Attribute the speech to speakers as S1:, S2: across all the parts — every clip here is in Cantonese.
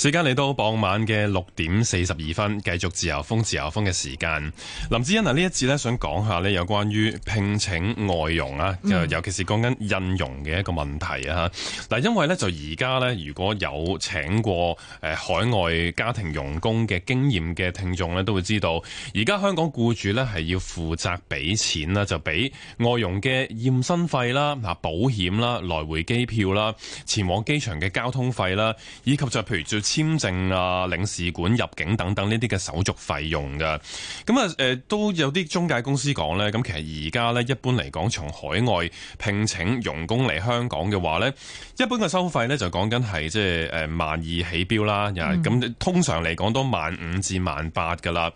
S1: 時間嚟到傍晚嘅六點四十二分，繼續自由風自由風嘅時間。林志恩，一節呢一次呢想講下呢有關於聘請外傭啊，就尤其是講緊印傭嘅一個問題啊吓。嗱、嗯，但因為呢，就而家呢如果有請過誒、呃、海外家庭傭工嘅經驗嘅聽眾呢都會知道而家香港雇主呢係要負責俾錢啦，就俾外傭嘅驗身費啦、嗱保險啦、來回機票啦、前往機場嘅交通費啦，以及就譬如就簽證啊、領事館入境等等呢啲嘅手續費用㗎。咁啊、呃、都有啲中介公司講呢。咁其實而家呢，一般嚟講，從海外聘請傭工嚟香港嘅話呢，一般嘅收費呢，就講緊係即係萬二起標啦，咁、嗯、通常嚟講都萬五至萬八噶啦。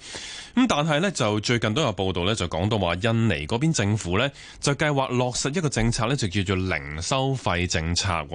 S1: 咁但係呢，就最近都有報道呢，就講到話印尼嗰邊政府呢，就計劃落實一個政策呢，就叫做零收費政策喎。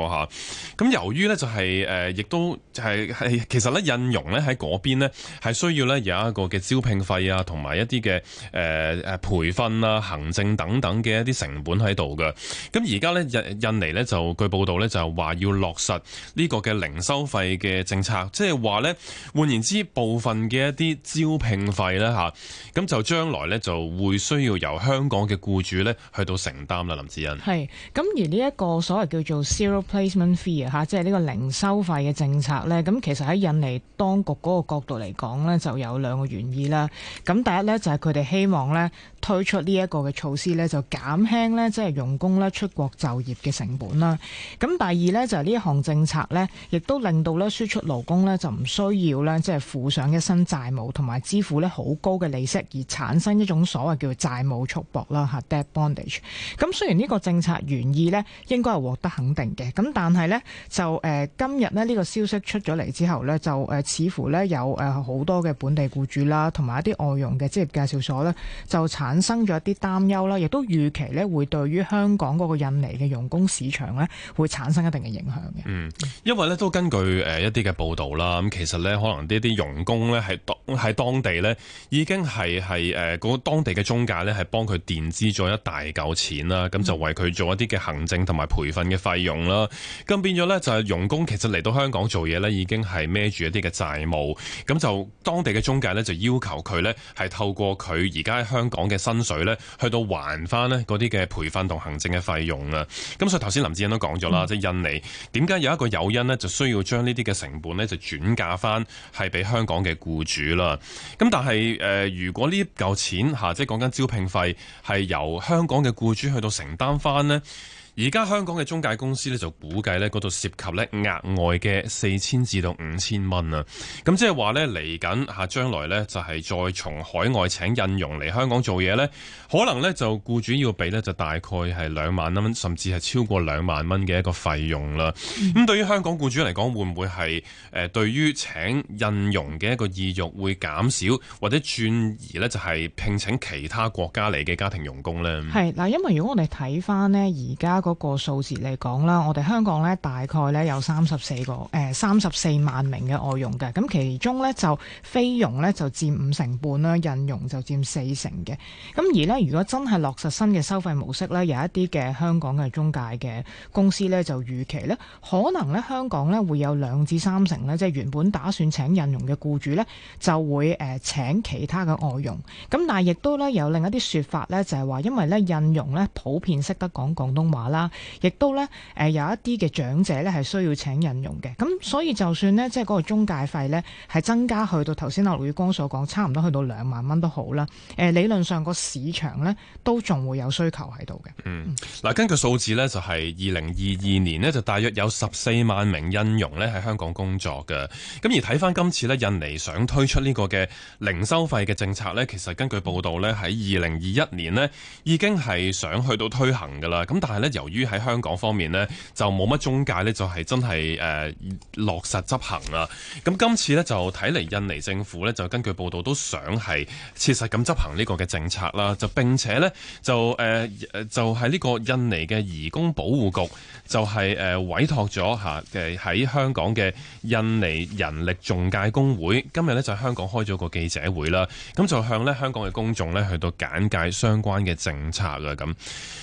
S1: 咁、啊、由於呢，就係、是、亦、呃、都就係係，其實咧，印傭咧喺嗰邊呢係需要咧有一個嘅招聘費啊，同埋一啲嘅，誒誒培訓啊、行政等等嘅一啲成本喺度㗎。咁而家咧，印印尼咧就據報道咧就話要落實呢個嘅零收費嘅政策，即係話咧，換言之，部分嘅一啲招聘費咧吓，咁就將來咧就會需要由香港嘅僱主咧去到承擔啦。林志恩
S2: 係，咁而呢一個所謂叫做 zero placement fee 啊，吓，即係呢個零收費嘅政策咧，咁。其實喺印尼當局嗰個角度嚟講呢就有兩個原意啦。咁第一呢，就係佢哋希望呢推出呢一個嘅措施呢就減輕呢即係用工咧出國就業嘅成本啦。咁第二呢，就係呢項政策呢，亦都令到呢輸出勞工呢，就唔需要呢即係負上一身債務，同埋支付呢好高嘅利息，而產生一種所謂叫做債務束縛啦吓 debt bondage。咁雖然呢個政策原意呢應該係獲得肯定嘅，咁但係呢，就誒、呃、今日呢，呢個消息出咗。嚟之後呢，就誒似乎呢有誒好多嘅本地僱主啦，同埋一啲外傭嘅職業介紹所呢，就產生咗一啲擔憂啦，亦都預期呢會對於香港嗰個印尼嘅傭工市場呢，會產生一定嘅影響嘅。
S1: 嗯，因為呢，都根據誒一啲嘅報道啦，咁其實呢，可能呢啲傭工呢，係當喺當地呢，已經係係誒當地嘅中介呢，係幫佢墊資咗一大嚿錢啦，咁就為佢做一啲嘅行政同埋培訓嘅費用啦，咁變咗呢，就係傭工其實嚟到香港做嘢呢。已。已經係孭住一啲嘅債務，咁就當地嘅中介呢，就要求佢呢係透過佢而家喺香港嘅薪水呢，去到還翻呢嗰啲嘅培訓同行政嘅費用啊。咁所以頭先林志恩都講咗啦，即係印尼點解有一個誘因呢，就需要將呢啲嘅成本呢，就轉嫁翻係俾香港嘅僱主啦。咁但係誒、呃，如果呢嚿錢吓，即係講緊招聘費係由香港嘅僱主去到承擔翻呢？而家香港嘅中介公司咧就估計咧，嗰度涉及咧額外嘅四千至到五千蚊啊。咁即係話咧，嚟緊吓將來咧就係再從海外請印傭嚟香港做嘢咧，可能咧就僱主要俾咧就大概係兩萬蚊，甚至係超過兩萬蚊嘅一個費用啦。咁、嗯、對於香港僱主嚟講，會唔會係誒，對於請印傭嘅一個意欲會減少，或者轉移咧就係聘請其他國家嚟嘅家庭傭工咧？係，
S2: 嗱，因為如果我哋睇翻咧而家嗰、這個數字嚟講啦，我哋香港咧大概咧有三十四個誒，三十四萬名嘅外傭嘅，咁其中咧就菲傭咧就佔五成半啦，印傭就佔四成嘅。咁而咧，如果真係落實新嘅收費模式咧，有一啲嘅香港嘅中介嘅公司咧就預期咧，可能咧香港咧會有兩至三成咧，即係原本打算請印傭嘅僱主咧就會誒、呃、請其他嘅外傭。咁但係亦都咧有另一啲説法咧，就係、是、話因為咧印傭咧普遍識得講廣東話啦。亦都咧，誒有一啲嘅長者咧，係需要請印傭嘅。咁所以就算呢，即係嗰個中介費呢係增加去到頭先阿劉玉光所講，差唔多去到兩萬蚊都好啦。誒理論上個市場呢都仲會有需求喺度嘅。嗯，
S1: 嗱根據數字呢，就係二零二二年呢，就大約有十四萬名印傭呢喺香港工作嘅。咁而睇翻今次呢，印尼想推出呢個嘅零收費嘅政策呢，其實根據報道呢，喺二零二一年呢已經係想去到推行噶啦。咁但係呢，由於喺香港方面呢，就冇乜中介呢，就係、是、真係誒、呃、落實執行啦。咁今次呢，就睇嚟印尼政府呢，就根據報道都想係切實咁執行呢個嘅政策啦。就並且呢，就誒、呃、就喺、是、呢個印尼嘅移工保護局，就係、是、誒委託咗嚇嘅喺香港嘅印尼人力仲介工會，今日呢，就喺香港開咗個記者會啦。咁就向呢香港嘅公眾呢，去到簡介相關嘅政策啊咁。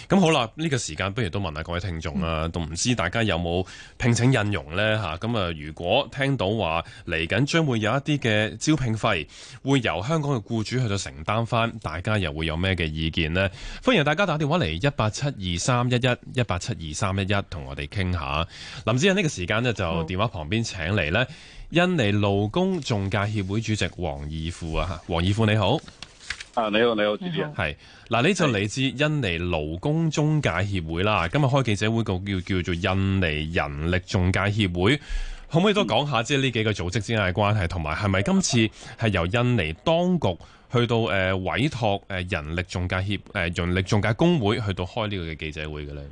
S1: 咁好啦，呢、這個時間不亦都問下各位聽眾啊，都唔知大家有冇聘請印傭呢？嚇？咁啊，如果聽到話嚟緊將會有一啲嘅招聘費會由香港嘅雇主去到承擔翻，大家又會有咩嘅意見呢？歡迎大家打電話嚟一八七二三一一一八七二三一一同我哋傾下。林子欣呢個時間呢，就電話旁邊請嚟呢印尼勞工中介協會主席王義富啊，王義富你好。啊！你好，你好，主持人係嗱，呢、啊、就嚟自印尼勞工中介協會啦。今日開記者會個叫叫做印尼人力中介協會，可唔可以都講下即係呢幾個組織之間嘅關係，同埋係咪今次係由印尼當局去到誒、呃、委託誒人力中介協誒人力中介工會去到開呢個嘅記者會嘅咧？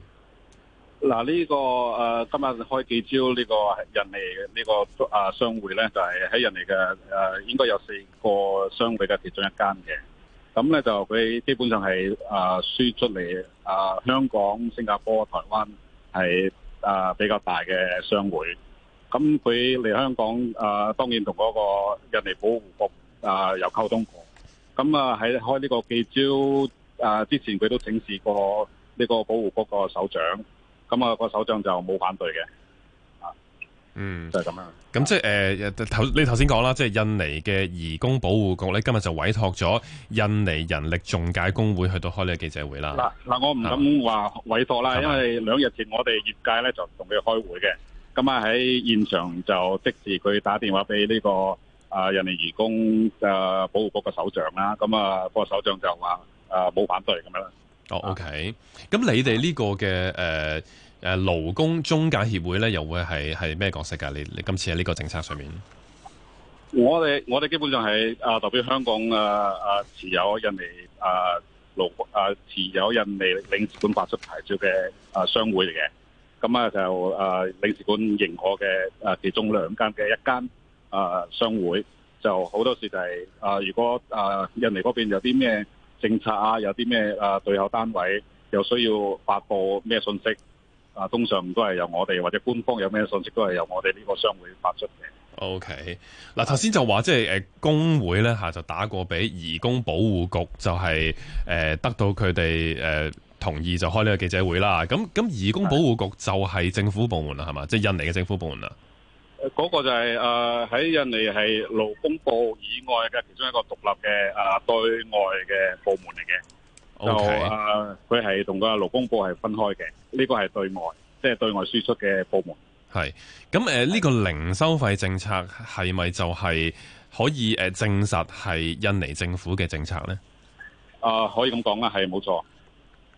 S1: 嗱、
S3: 啊、呢、這個誒、呃、今日開幾招呢、這個印尼嘅呢個啊商會咧，就係喺印尼嘅誒，應該有四個商會嘅其中一間嘅。咁咧就佢基本上係輸出嚟、啊、香港、新加坡、台灣係比較大嘅商會。咁佢嚟香港、啊、當然同嗰個印尼保護局啊有溝通過。咁啊喺開呢個記招之前，佢都請示過呢個保護局個首長。咁啊個首長就冇反對嘅。
S1: 嗯，就係咁啦。咁、嗯、即係誒，頭、呃、你頭先講啦，即係印尼嘅移工保護局咧，今日就委託咗印尼人力仲介工會去到開呢個記者會啦。
S3: 嗱嗱，我唔敢話委託啦，因為兩日前我哋業界咧就同佢開會嘅，咁啊喺現場就即時佢打電話俾呢、這個啊、呃、印尼移工誒保護局嘅首長啦，咁、嗯、啊、那個首長就話啊冇反對咁樣啦。
S1: 哦，OK，咁你哋呢個嘅誒。呃誒勞工中介協會咧，又會係係咩角色㗎？你你今次喺呢個政策上面？
S3: 我哋我哋基本上係啊代表香港啊啊持有印尼啊勞啊持有印尼領事館發出牌照嘅啊商會嚟嘅。咁啊就啊領事館認可嘅啊其中兩間嘅一間啊商會，就好多時就係、係、啊如果啊印尼嗰邊有啲咩政策什麼啊，有啲咩啊對口單位又需要發佈咩信息。啊，通常都係由我哋或者官方有咩信息，都係由我哋呢個商會發出嘅。
S1: OK，嗱，頭先就話即係誒，工會咧吓就打過俾移工保護局，就係、是、誒得到佢哋誒同意就開呢個記者會啦。咁咁移工保護局就係政府部門啦，係嘛？即、就、係、是、印尼嘅政府部門啦。
S3: 嗰、那個就係喺印尼係勞工部以外嘅其中一個獨立嘅啊對外嘅部門嚟嘅。
S1: 就
S3: 誒，佢係同個勞工部係分開嘅，呢個係對外，即係對外輸出嘅部門。
S1: 係咁誒，呢個零收費政策係咪就係可以誒證實係印尼政府嘅政策咧？
S3: 誒，可以咁講啦，係冇錯。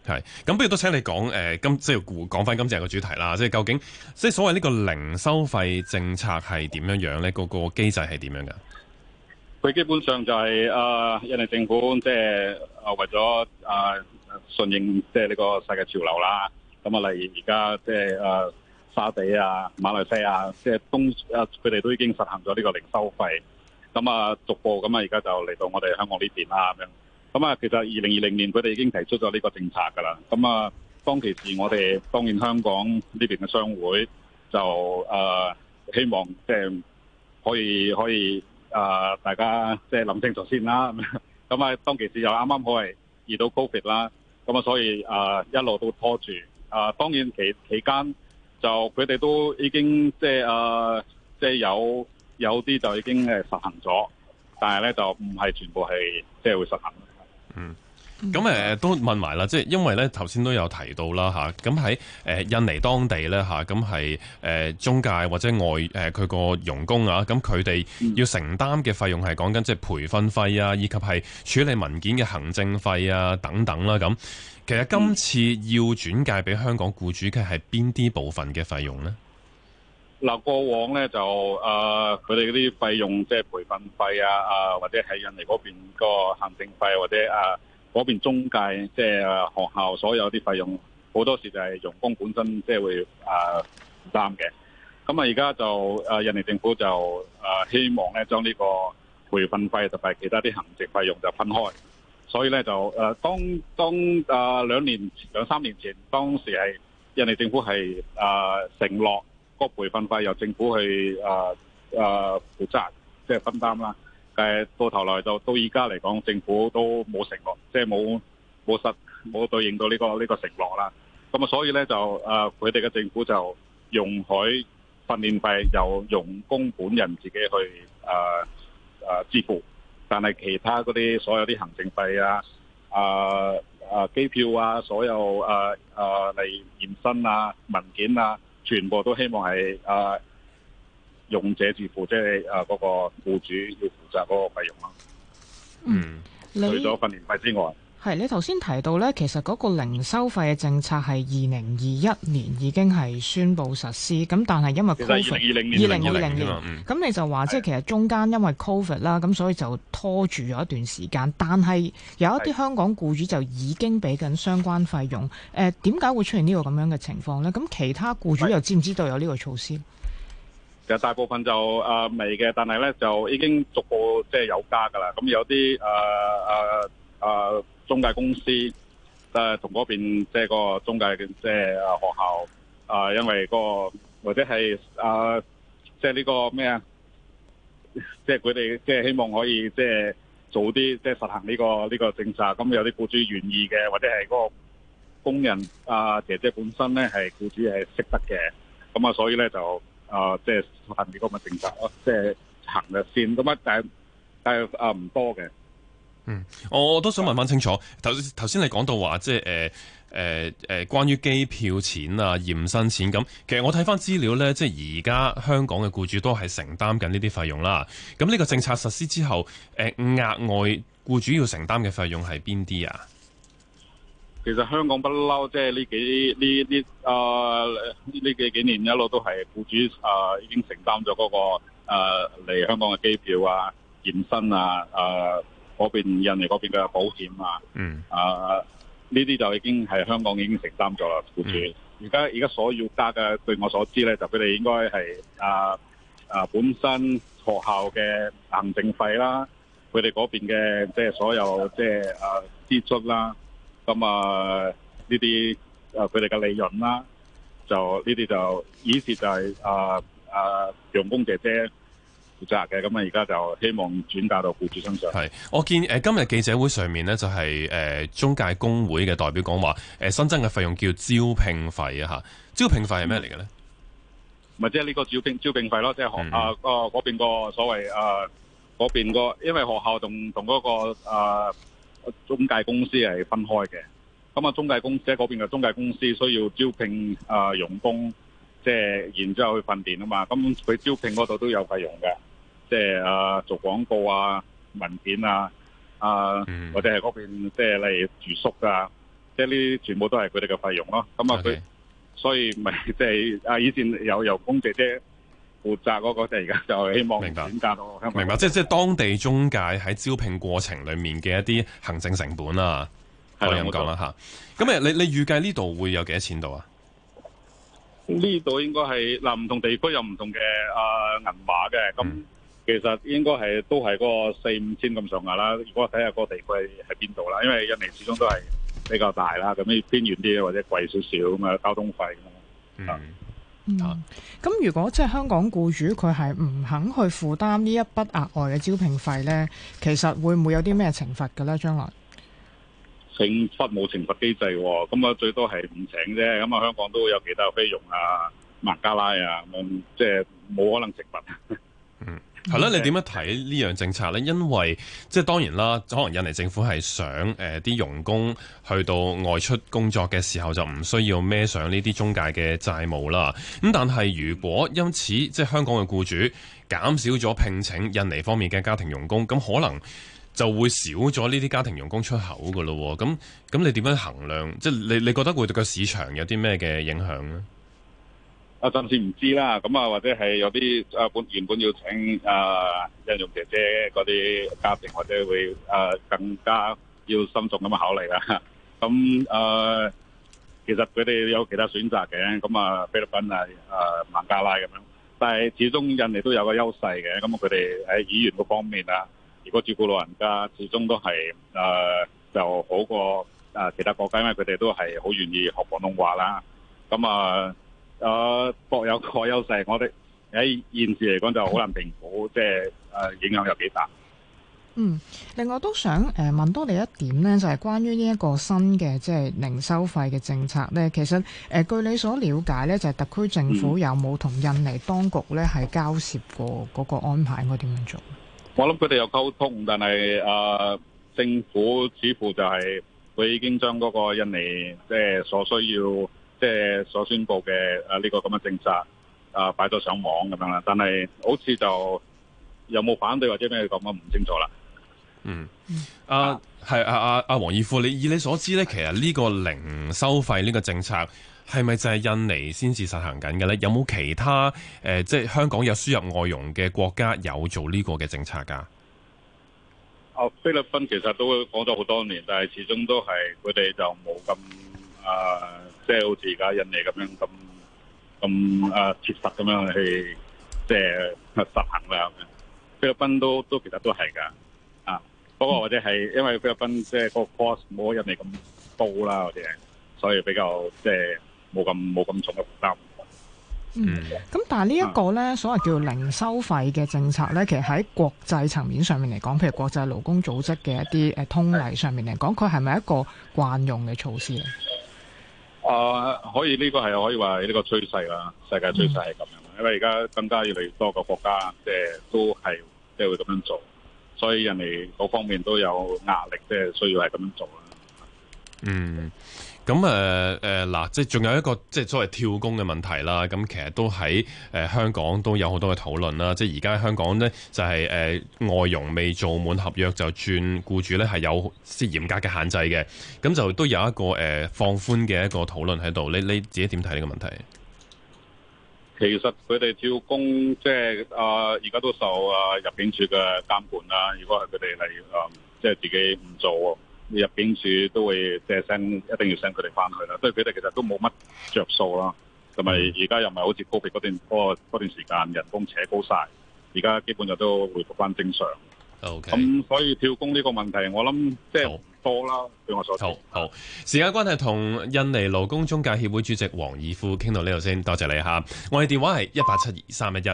S1: 係咁，不如都請你講誒，今即係講翻今次嘅主題啦，即係究竟即係所謂呢個零收費政策係點樣樣咧？嗰個機制係點樣㗎？
S3: 佢基本上就係、是、啊，印尼政府即、就、係、是、啊，為咗啊，順應即係呢個世界潮流啦。咁啊，例如而家即係啊，沙地啊、馬來西亞，即、就、係、是、東啊，佢哋都已經實行咗呢個零收費。咁啊，逐步咁啊，而家就嚟到我哋香港呢邊啦咁樣。咁啊，其實二零二零年佢哋已經提出咗呢個政策㗎啦。咁啊，當其時我哋當然香港呢邊嘅商會就啊，希望即係可以可以。可以啊、呃！大家即係諗清楚先啦。咁啊，當其時又啱啱好係遇到 COVID 啦。咁啊，所以啊、呃，一路都拖住。啊、呃，當然期期間就佢哋都已經即係啊，即係有有啲就已經係實行咗，但係咧就唔係全部係即係會實行。嗯。
S1: 咁誒都問埋啦，即係因為咧頭先都有提到啦吓，咁喺誒印尼當地咧吓，咁係誒中介或者外誒佢個傭工啊，咁佢哋要承擔嘅費用係講緊即係培訓費啊，以及係處理文件嘅行政費啊等等啦。咁其實今次要轉介俾香港僱主嘅係邊啲部分嘅費用呢？
S3: 嗱，過往咧就誒佢哋嗰啲費用，即係培訓費啊，啊、呃、或者喺印尼嗰邊個行政費或者啊。呃嗰邊中介即係、就是啊、學校所有啲費用，好多時候就係傭工本身即係、就是、會誒負擔嘅。咁啊，而、啊、家就誒印尼政府就誒、啊、希望咧將呢個培訓費特別係其他啲行政費用就分開。所以咧就誒、啊、當當誒、啊、兩年前、兩三年前當時係印尼政府係誒、啊、承諾個培訓費由政府去誒誒、啊啊、負責，即、就、係、是、分擔啦。誒到頭來就到到而家嚟講，政府都冇承諾，即係冇冇實冇對應到呢、呢個呢、呢個承諾啦。咁啊，所以咧就誒，佢哋嘅政府就容許訓練費由傭工本人自己去誒誒、呃呃、支付，但係其他嗰啲所有啲行政費啊、誒、呃、誒機票啊、所有誒誒嚟驗身啊、文件啊，全部都希望係誒。呃用者自負責，即係啊、嗰個雇主要負責嗰個費用咯。嗯，除咗訓練費之外，
S2: 係你頭先提到呢，其實嗰個零收費嘅政策係二零二一年已經係宣布實施，咁但係因為 covid 二零二零年，咁、嗯、你就話即係其實中間因為 covid 啦，咁所以就拖住咗一段時間。但係有一啲香港雇主就已經俾緊相關費用。誒，點、呃、解會出現這呢個咁樣嘅情況呢？咁其他雇主又知唔知道有呢個措施？
S3: 其實大部分就啊未嘅，但係咧就已經逐步即係、即係、有加噶啦。咁有啲啊啊啊中介公司誒、呃、同嗰邊即係個中介即係、即係、學校啊、呃，因為、嗰個或者係啊即係呢個咩啊，即係佢哋即係希望可以即係、即係、早啲即係實行呢、呢個呢、呢個政策。咁有啲僱主願意嘅，或者係嗰個工人啊、呃、姐姐本身咧係僱主係識得嘅，咁啊所以咧就。啊，即係行呢個嘅政策咯，即係行嘅綫咁啊，但係
S1: 但係啊唔多嘅。嗯，我都想問翻清楚，頭頭先你講到話，即係誒誒誒，關於機票錢啊、驗身錢咁，其實我睇翻資料咧，即係而家香港嘅僱主都係承擔緊呢啲費用啦。咁呢個政策實施之後，誒額外僱主要承擔嘅費用係邊啲啊？
S3: 其實香港不嬲，即係呢幾呢呢啊呢呢幾年一路都係僱主啊已經承擔咗嗰、嗰個嚟、啊、香港嘅機票啊、驗身啊、誒、啊、嗰邊印尼嗰邊嘅保險啊，嗯，啊呢啲就已經係香港已經承擔咗啦，僱主。而家而家所要加嘅，對我所知咧，就佢哋應該係啊啊本身學校嘅行政費啦，佢哋嗰邊嘅即係所有即係誒支出啦。咁、嗯、啊，呢啲啊佢哋嘅利潤啦，就呢啲就以前就係啊啊傭工姐姐負責嘅，咁啊而家就希望轉嫁到僱主身上。係，
S1: 我見誒、呃、今日記者會上面咧，就係、是、誒、呃、中介工會嘅代表講話，誒、呃、新增嘅費用叫招聘費啊吓，招聘費係咩嚟嘅咧？
S3: 咪即係呢個招聘招聘費咯，即、就、係、是、學啊啊嗰邊個所謂啊嗰邊個，因為學校同同嗰個啊。呃中介公司係分開嘅，咁啊中介公司喺嗰邊嘅中介公司需要招聘啊傭、呃、工，即、就、係、是、然之後去訓練啊嘛，咁佢招聘嗰度都有費用嘅，即係啊做廣告啊文件啊啊、呃 mm. 或者係嗰邊即係例如住宿啊，即係呢啲全部都係佢哋嘅費用咯。咁啊佢所以咪即係啊以前有傭工姐姐。負責嗰個地方，即而家就希望選擇咯。明白，明
S1: 白，即係即係當地中介喺招聘過程裡面嘅一啲行政成本啊。
S3: 可以咁講啦嚇。
S1: 咁誒，你你預計呢度會有幾多錢度啊？
S3: 呢度應該係嗱，唔同地區有唔同嘅啊、呃、銀碼嘅。咁、嗯、其實應該係都係個四五千咁上下啦。如果睇下個地區喺邊度啦，因為印尼始終都係比較大啦。咁啲邊遠啲或者貴少少咁啊，交通費咁、嗯、啊。
S2: 嗯，咁如果即係香港僱主佢係唔肯去負擔呢一筆額外嘅招聘費咧，其實會唔會有啲咩懲罰嘅咧？將來
S3: 懲罰冇懲罰機制。哦，咁啊最多係唔請啫。咁啊香港都有其他菲傭啊、孟加拉啊，即係冇可能懲罰。
S1: 係啦、 嗯啊，你點樣睇呢樣政策呢？因為即係當然啦，可能印尼政府係想誒啲傭工去到外出工作嘅時候就唔需要孭上呢啲中介嘅債務啦。咁、嗯、但係如果因此即係香港嘅僱主減少咗聘請印尼方面嘅家庭傭工，咁、嗯、可能就會少咗呢啲家庭傭工出口噶咯、啊。咁、嗯、咁、嗯、你點樣衡量？即係你你覺得會對個市場有啲咩嘅影響呢？
S3: 啊，暫時唔知啦。咁啊，或者係有啲啊，本原本要請啊，印、呃、傭姐姐嗰啲家庭，或者會啊、呃，更加要慎重咁考慮啦。咁啊、呃，其實佢哋有其他選擇嘅。咁啊，菲律賓啊，啊、呃、孟加拉咁樣，但係始終印尼都有個優勢嘅。咁啊，佢哋喺語言嗰方面啊，如果照顧老人家，始終都係啊、呃，就好過啊、呃、其他國家，因為佢哋都係好願意學廣東話啦。咁啊～、呃啊，各有各優勢。我哋喺現時嚟講就好難評估，即係誒影響有幾大。嗯，
S2: 另外都想誒問多你一點咧，就係關於呢一個新嘅即係零收費嘅政策咧。其實誒、呃，據你所了解咧，就係特區政府有冇同印尼當局咧係交涉過嗰個安排？應該、嗯、點樣做？
S3: 我諗佢哋有溝通，但係啊、呃，政府似乎就係佢已經將嗰個印尼即係、就是、所需要。即係所宣布嘅誒呢個咁嘅政策，啊擺咗上網咁樣啦，但係好似就有冇反對或者咩，咁樣唔清楚啦。嗯，
S1: 阿係阿阿阿王義富，你、啊啊啊、以你所知咧，其實呢個零收費呢個政策係咪就係印尼先至實行緊嘅咧？有冇其他誒、呃，即係香港有輸入外傭嘅國家有做呢個嘅政策噶？哦、
S3: 啊，菲律賓其實都講咗好多年，但係始終都係佢哋就冇咁啊。即係好似而家印尼咁樣咁咁誒切實咁樣去即係實行啦。菲律賓都都其實都係㗎啊，不過或者係因為菲律賓即係個 cost 冇印尼咁高啦，嗰啲，所以比較即係冇咁冇咁重嘅負擔。嗯，
S2: 咁但係呢一個咧所謂叫零收費嘅政策咧，其實喺國際層面上面嚟講，譬如國際勞工組織嘅一啲誒通例上面嚟講，佢係咪一個慣用嘅措施咧？
S3: 啊，可以呢個係可以話係呢個趨勢啦，世界趨勢係咁樣，因為而家更加越嚟越多個國家，即係都係即係會咁樣做，所以人哋各方面都有壓力，即係需要係咁樣做啦。嗯。
S1: 咁誒，誒，嗱、嗯，即仲有一個即係所謂跳工嘅問題啦。咁其實都喺誒香港都有好多嘅討論啦。即係而家香港咧就係誒外傭未做滿合約就轉僱主咧係有即係嚴格嘅限制嘅。咁就都有一個誒放寬嘅一個討論喺度。你你自己點睇呢個問題？
S3: 其實佢哋跳工即係啊，而家都受啊入境處嘅監管啦。如果係佢哋係誒即係自己唔做。入境處都會借聲，一定要請佢哋翻去啦。所以佢哋其實都冇乜着數啦。同埋而家又唔係好似高鐵嗰段時段時間人工扯高晒，而家基本就都回復翻正常。Okay. 嗯。咁所以跳工呢個問題，我諗即係唔多啦。據我所知。好
S1: 好時間關係，同印尼勞工中介協會主席王義富傾到呢度先，多謝你嚇。我哋電話係一八七二三一一。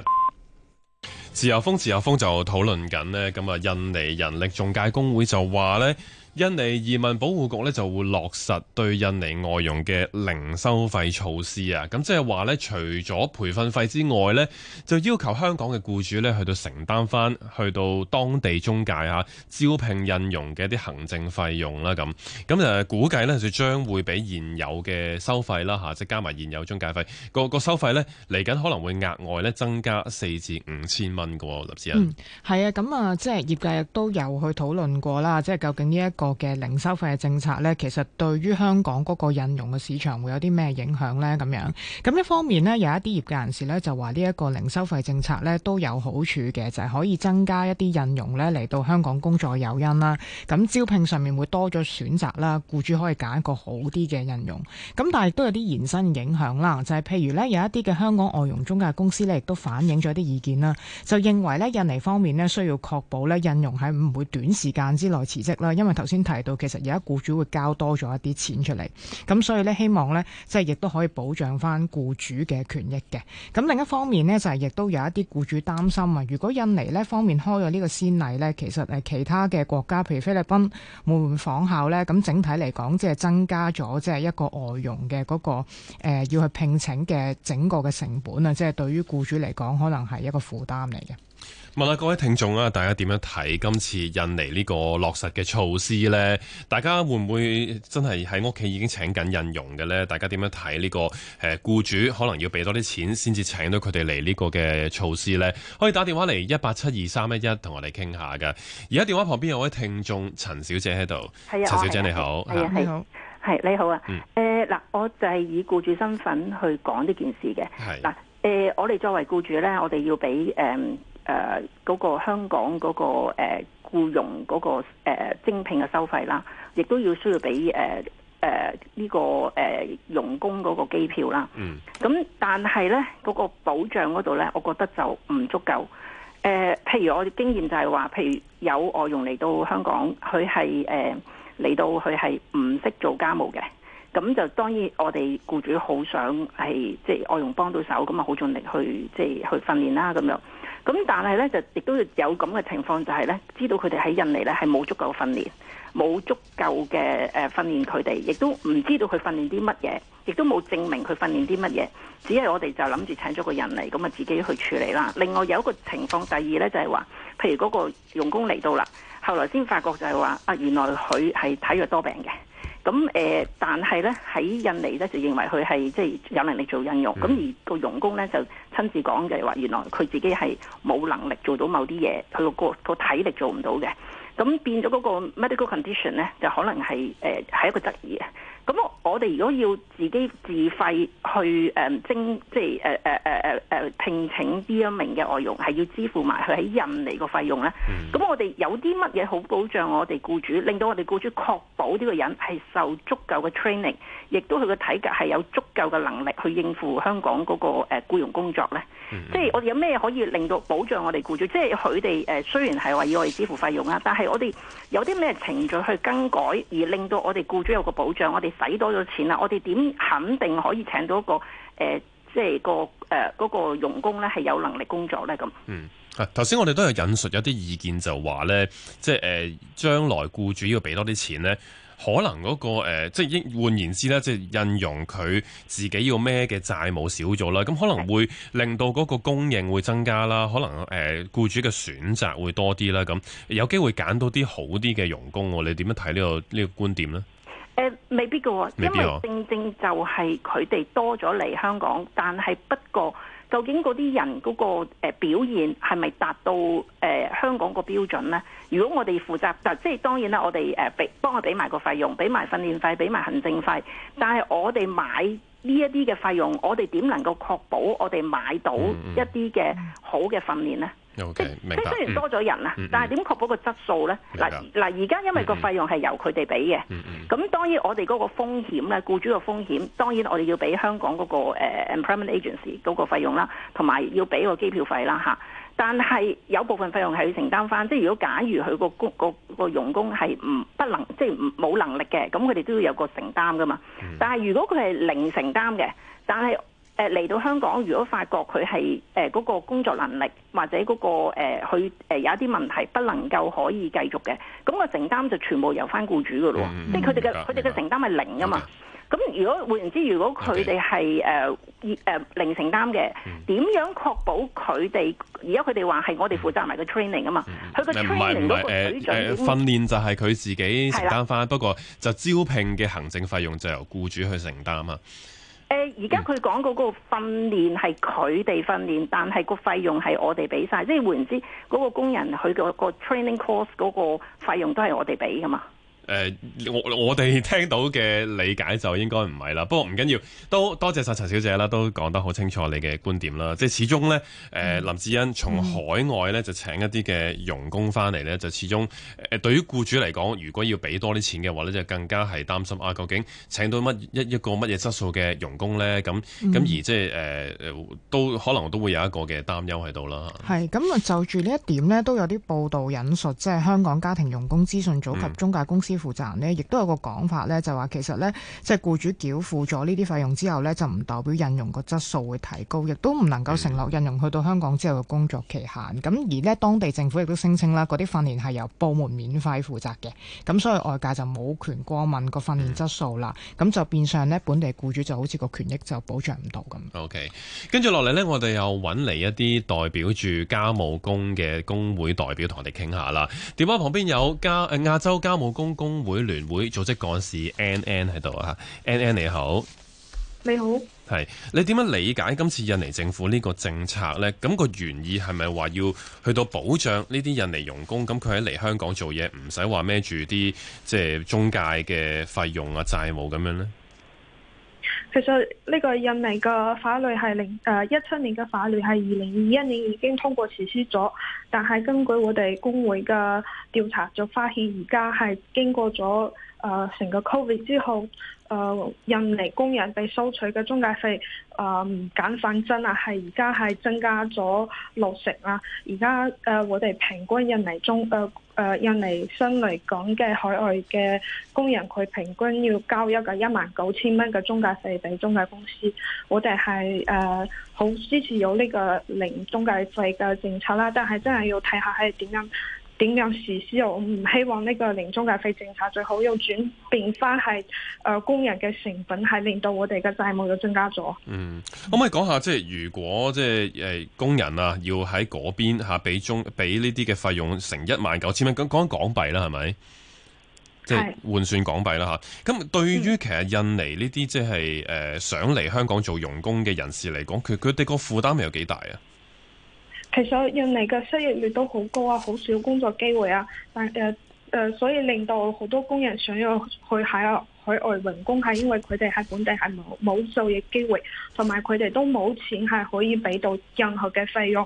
S1: 自由風自由風就討論緊呢。咁啊，印尼人力中介工會就話咧。印尼移民保護局咧就會落實對印尼外傭嘅零收費措施啊！咁即係話咧，除咗培訓費之外咧，就要求香港嘅僱主咧去到承擔返去到當地中介嚇招聘印傭嘅一啲行政費用啦。咁咁誒估計咧就將會比現有嘅收費啦吓，即加埋現有中介費個個收費咧嚟緊可能會額外咧增加四至五千蚊嘅喎，林子恩。
S2: 係、嗯、啊，咁啊，即係業界亦都有去討論過啦，即係究竟呢、這、一、個個嘅零收費嘅政策咧，其實對於香港嗰個印傭嘅市場會有啲咩影響呢？咁樣咁一方面呢，有一啲業界人士咧就話呢一個零收費政策咧都有好處嘅，就係、是、可以增加一啲印傭咧嚟到香港工作嘅誘因啦。咁招聘上面會多咗選擇啦，僱主可以揀一個好啲嘅印傭。咁但係都有啲延伸影響啦，就係、是、譬如呢，有一啲嘅香港外傭中介公司咧亦都反映咗啲意見啦，就認為咧印尼方面呢，需要確保咧印傭喺唔會短時間之內辭職啦，因為頭。先提到，其實有啲僱主會交多咗一啲錢出嚟，咁所以呢希望呢即係亦都可以保障返僱主嘅權益嘅。咁另一方面呢，就係、是、亦都有一啲僱主擔心啊，如果印尼呢方面開咗呢個先例呢，其實誒其他嘅國家譬如菲律賓會唔會仿效呢？咁整體嚟講，即係增加咗即係一個外傭嘅嗰個、呃、要去聘請嘅整個嘅成本啊，即係對於僱主嚟講，可能係一個負擔嚟嘅。
S1: 問下各位聽眾啊，大家點樣睇今次印尼呢個落實嘅措施呢？大家會唔會真係喺屋企已經請緊印傭嘅呢？大家點樣睇呢個誒？僱主可能要俾多啲錢先至請到佢哋嚟，呢個嘅措施呢？可以打電話嚟一八七二三一一同我哋傾下噶。而家電話旁邊有位聽眾陳小姐喺度，陳、啊、小姐、啊、你好，係你好，係、啊
S4: 啊啊啊、你好啊。誒嗱、嗯呃，我就係以僱主身份去講呢件事嘅。係嗱，誒、呃，我哋作為僱主呢，我哋要俾誒。嗯誒、呃、嗰、那個香港嗰、那個誒、呃、僱傭嗰、那個、呃、精聘嘅收費啦，亦都要需要俾誒誒呢個誒、呃、傭工嗰個機票啦。嗯，咁但係咧嗰個保障嗰度咧，我覺得就唔足夠。誒、呃，譬如我嘅經驗就係話，譬如有外傭嚟到香港，佢係誒嚟到佢係唔識做家務嘅。咁就當然，我哋僱主好想係即係外傭幫到手，咁啊好盡力去即係去訓練啦咁樣。咁但係呢，就亦都有咁嘅情況，就係呢，知道佢哋喺印尼呢係冇足夠訓練，冇足夠嘅誒訓練佢哋，亦都唔知道佢訓練啲乜嘢，亦都冇證明佢訓練啲乜嘢，只係我哋就諗住請咗個人嚟，咁啊自己去處理啦。另外有一個情況，第二呢，就係話，譬如嗰個傭工嚟到啦，後來先發覺就係話啊，原來佢係體弱多病嘅。咁、呃、但係咧喺印尼咧就認為佢係即係有能力做印傭，咁、嗯、而個傭工咧就親自講就係話，原來佢自己係冇能力做到某啲嘢，佢、嗰個、個體力做唔到嘅。咁變咗嗰個 medical condition 咧，就可能係誒係一個質疑嘅。啊！咁我哋如果要自己自費去誒、呃、徵即係誒誒誒誒誒聘請啲一名嘅外傭，係要支付埋佢喺印尼嘅費用咧。咁我哋有啲乜嘢好保障我哋僱主，令到我哋僱主確保呢個人係受足夠嘅 training，亦都佢個體格係有足夠嘅能力去應付香港嗰個誒僱傭工作咧。即、嗯、係我哋有咩可以令到保障我哋僱主，即係佢哋誒雖然係話要我哋支付費用啦，但係。我哋有啲咩程序去更改，而令到我哋僱主有個保障，我哋使多咗錢啊，我哋點肯定可以請到個誒、呃，即係個誒嗰、呃嗰個傭工咧，係有能力工作咧咁。嗯，
S1: 頭先我哋都有引述有啲意見，就話咧，即係誒將來僱主要俾多啲錢咧。可能嗰、那個即係換言之啦，即係印尼佢自己要孭嘅債務少咗啦，咁可能會令到嗰個供應會增加啦，可能誒僱主嘅選擇會多啲啦，咁有機會揀到啲好啲嘅傭工喎，你點樣睇呢個呢個觀點呢？誒、
S4: 呃，未必嘅喎，因為正正就係佢哋多咗嚟香港，但係不過。究竟嗰啲人嗰個誒表現係咪達到誒、呃、香港個標準咧？如果我哋負責，就即係當然啦，呃、當我哋誒俾幫佢俾埋個費用，俾埋訓練費，俾埋行政費，但係我哋買呢一啲嘅費用，我哋點能夠確保我哋買到一啲嘅好嘅訓練咧？即係即雖然多咗人啦、嗯，但係點確保個質素咧？嗱嗱，而家因為個費用係由佢哋俾嘅，咁、嗯嗯、當然我哋嗰個風險咧，雇主個風險，當然我哋要俾香港嗰、嗰個、uh, employment agency 嗰個費用啦，同埋要俾個機票費啦嚇。但係有部分費用係要承擔翻，即係如果假如佢個工嗰用工係唔不能，即係唔冇能力嘅，咁佢哋都要有個承擔噶嘛。嗯、但係如果佢係零承擔嘅，但係。誒嚟到香港，如果發覺佢係誒嗰個工作能力或者嗰、個誒佢誒、呃呃、有一啲問題不能夠可以繼續嘅，咁、個承擔就全部由翻僱主嘅咯、嗯，即係佢哋嘅佢哋嘅承擔係零噶嘛。咁、嗯、如果換言之，如果佢哋係誒誒零承擔嘅，點樣確保佢哋？而家佢哋話係我哋負責埋、嗯呃個 training 啊嘛，佢個 training 嗰個水準。唔係唔係誒誒，訓
S1: 練就係佢自己承擔翻，不過就招聘嘅行政費用就由僱主去承擔啊。
S4: 誒，而家佢講嗰個訓練係佢哋訓練，但係個費用係我哋俾晒，即係換言之，嗰個工人佢個個 training course 嗰個費用都係我哋俾噶嘛。
S1: 誒、呃，我我哋聽到嘅理解就應該唔係啦。不過唔緊要，都多謝晒陳小姐啦，都講得好清楚你嘅觀點啦。即係始終咧，誒、呃、林志恩從海外咧就請一啲嘅傭工翻嚟咧，就始終誒、呃、對於僱主嚟講，如果要俾多啲錢嘅話咧，就更加係擔心啊。究竟請到乜一一個乜嘢質素嘅傭工呢？咁咁、嗯、而即係誒、呃，都可能都會有一個嘅擔憂喺度啦。
S2: 係咁啊，就住呢一點呢，都有啲報道引述，即係香港家庭傭工資訊組及中介公司、嗯，負責人亦都有個講法呢，就話其實呢，即係僱主繳付咗呢啲費用之後呢，就唔代表印傭個質素會提高，亦都唔能夠承諾印傭去到香港之後嘅工作期限。咁而呢，當地政府亦都聲稱啦，嗰啲訓練係由部門免費負責嘅，咁所以外界就冇權過問個訓練質素啦。咁就變相呢，本地僱主就好似個權益就保障唔到咁。OK，
S1: 跟住落嚟呢，我哋又揾嚟一啲代表住家務工嘅工會代表同我哋傾下啦。電話旁邊有亞、呃、亞洲家務工工。工會聯會組織幹事 AN AN 喺度啊，AN AN 你好，
S5: 你好，
S1: 係你點樣理解今次印尼政府呢個政策呢？咁個原意係咪話要去到保障呢啲印尼傭工？咁佢喺嚟香港做嘢唔使話孭住啲即係中介嘅費用啊債務咁樣呢？
S5: 其實呢個印尼嘅法律係零誒一七年嘅法律，係二零二一年已經通過實施咗，但係根據我哋工會嘅調查就發現而家係經過咗誒成個 COVID 之後。誒、呃、印尼工人被收取嘅中介費，唔、呃、減反增啊，係而家係增加咗六成啊！而家誒我哋平均印尼中誒誒、呃、印尼新嚟港嘅海外嘅工人，佢平均要交一個一萬九千蚊嘅中介費俾中介公司。我哋係誒好支持有呢個零中介費嘅政策啦，但係真係要睇下係點樣。點樣實施？我唔希望呢個零中介費政策，最好要轉變翻係誒工人嘅成本，係令到我哋嘅債務又增加咗。嗯，
S1: 可唔可以講下即係如果即係誒工人啊，要喺嗰邊吓俾中俾呢啲嘅費用成一萬九千蚊咁講港幣啦，係咪？即係換算港幣啦吓。咁對於其實印尼呢啲即係誒想嚟香港做傭工嘅人士嚟講，佢佢哋個負擔係有幾大啊？
S5: 其實印尼嘅失業率都好高啊，好少工作機會啊，但誒誒、呃，所以令到好多工人想要去海外海外務工、啊，係因為佢哋喺本地係冇冇就業機會，同埋佢哋都冇錢係可以俾到任何嘅費用。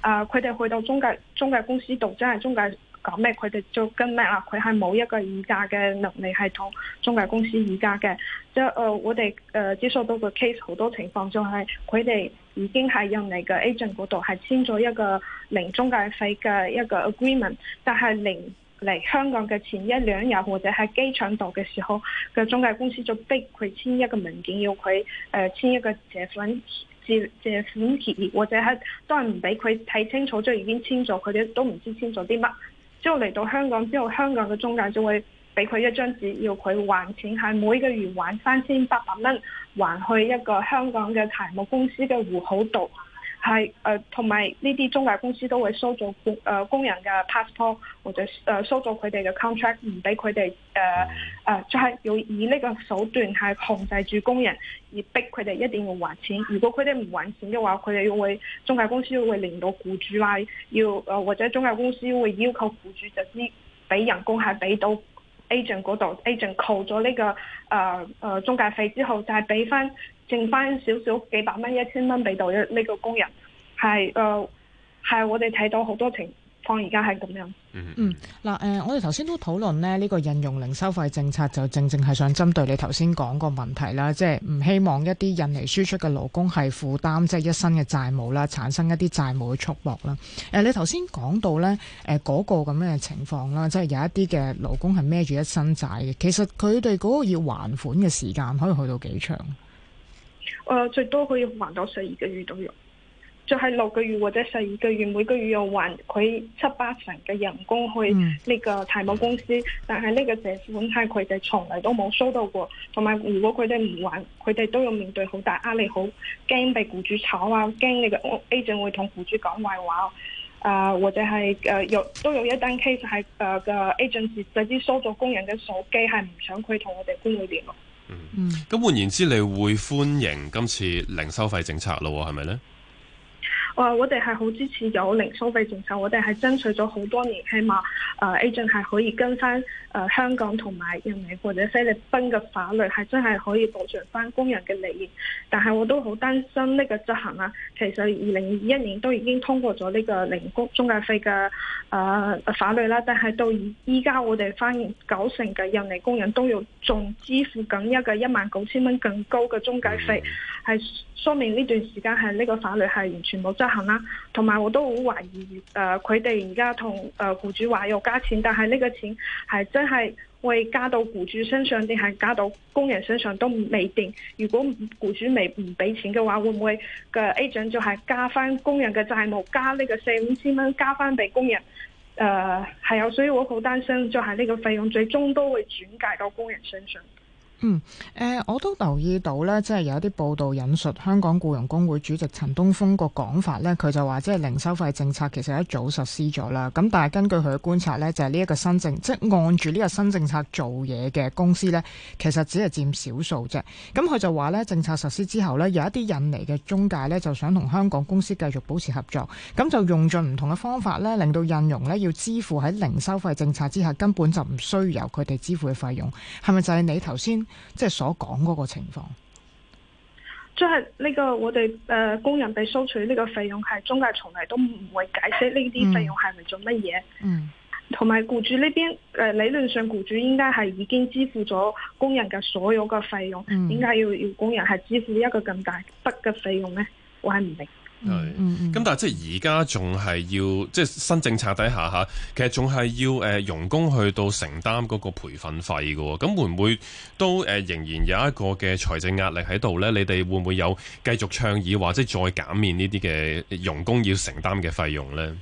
S5: 啊、呃，佢哋去到中介中介公司度，即係中介講咩，佢哋就跟咩啊，佢係冇一個議價嘅能力系統，係同中介公司議價嘅。即係、呃、我哋誒接受到個 case 好多情況就係佢哋。已經係用嚟嘅 agent 嗰度，係簽咗一個零中介費嘅一個 agreement，但係零嚟香港嘅前一兩日或者喺機場度嘅時候，嘅中介公司就逼佢簽一個文件，要佢誒簽一個借款借借款協議，或者係都係唔俾佢睇清楚，即係已經簽咗，佢哋都唔知簽咗啲乜。之後嚟到香港之後，香港嘅中介就會俾佢一張紙，要佢還錢，係每個月還三千八百蚊。還去一個香港嘅財務公司嘅戶口度，係誒同埋呢啲中介公司都會收咗僱、呃、工人嘅 passport，或者誒、呃、收咗佢哋嘅 contract，唔俾佢哋誒誒，就係、是、要以呢個手段係控制住工人，而逼佢哋一定要還錢。如果佢哋唔還錢嘅話，佢哋會中介公司會令到僱主啦，要誒、呃、或者中介公司會要求僱主直接俾人工係俾到。agent 嗰度，agent 扣咗呢、這個誒誒、呃呃、中介費之後給，就係俾翻剩翻少少幾百蚊、一千蚊俾到呢個工人，係誒，係、呃、我哋睇到好多情。我
S2: 而家係咁樣。嗯嗱，誒、呃，我哋頭先都討論咧，呢、這個印尼零收費政策就正正係想針對你頭先講個問題啦，即係唔希望一啲印尼輸出嘅勞工係負擔即係、就是、一身嘅債務啦，產生一啲債務嘅束縛啦。誒、呃，你頭先講到咧，誒、呃、嗰、那個咁樣嘅情況啦，即、就、係、是、有一啲嘅勞工係孭住一身債嘅，其實佢哋嗰個要還款嘅時間可以去到幾長？誒、呃，
S5: 最多可以還到十二個月都有。就係、是、六個月或者十二個月，每個月又還佢七八成嘅人工去呢個貸款公司，嗯、但係呢個借款係佢哋從嚟都冇收到過。同埋，如果佢哋唔還，佢哋都要面對好大壓力，好驚被僱主炒啊，驚你個 agent 會同僱主講壞話啊、呃，或者係誒有都有一單 case 係誒嘅 agent 直接收咗工人嘅手機，係唔想佢同我哋搬會面咯。嗯，
S1: 咁換言之，你會歡迎今次零收費政策咯？係咪咧？
S5: 哦、我哋係好支持有零收費政策，我哋係爭取咗好多年，希望誒 agent 係可以跟翻誒、呃、香港同埋印尼或者菲律賓嘅法律，係真係可以保障翻工人嘅利益。但係我都好擔心呢個執行啊。其實二零二一年都已經通過咗呢個零工中介費嘅誒法律啦，但係到而依家我哋翻九成嘅印尼工人都要仲支付緊一個一萬九千蚊更高嘅中介費，係說明呢段時間係呢個法律係完全冇執行啦，同 埋我都好懷疑誒，佢哋而家同誒僱主話要加錢，但係呢個錢係真係會加到僱主身上定係加到工人身上都未定。如果僱主未唔俾錢嘅話，會唔會嘅 agent 就係加翻工人嘅債務，加呢個四五千蚊，加翻俾工人誒係有。所以我好擔心就係呢個費用最終都會轉介到工人身上。
S2: 嗯，誒、呃，我都留意到呢，即係有一啲報道引述香港雇傭工會主席陳東峰個講法呢，佢就話，即係零收費政策其實一早實施咗啦。咁但係根據佢嘅觀察呢，就係呢一個新政，即係按住呢個新政策做嘢嘅公司呢，其實只係佔少數啫。咁佢就話呢，政策實施之後呢，有一啲印尼嘅中介呢，就想同香港公司繼續保持合作，咁就用盡唔同嘅方法呢，令到印傭呢要支付喺零收費政策之下根本就唔需要由佢哋支付嘅費用，係咪就係你頭先？即係所講嗰個情況，即係
S5: 呢個我哋誒工人被收取呢個費用係中介從嚟都唔會解釋呢啲費用係、嗯、咪做乜嘢，嗯，同埋僱主呢邊誒理論上僱主應該係已經支付咗工人嘅所有嘅費用，點、嗯、解要要工人係支付一個咁大筆嘅費用呢？我係唔明白。
S2: 係，
S1: 咁但係即係而家仲係要，即係新政策底下吓，其實仲係要誒，傭工去到承擔嗰個培訓費噶，咁會唔會都誒仍然有一個嘅財政壓力喺度咧？你哋會唔會有繼續倡議或者再減免呢啲嘅傭工要承擔嘅費用咧？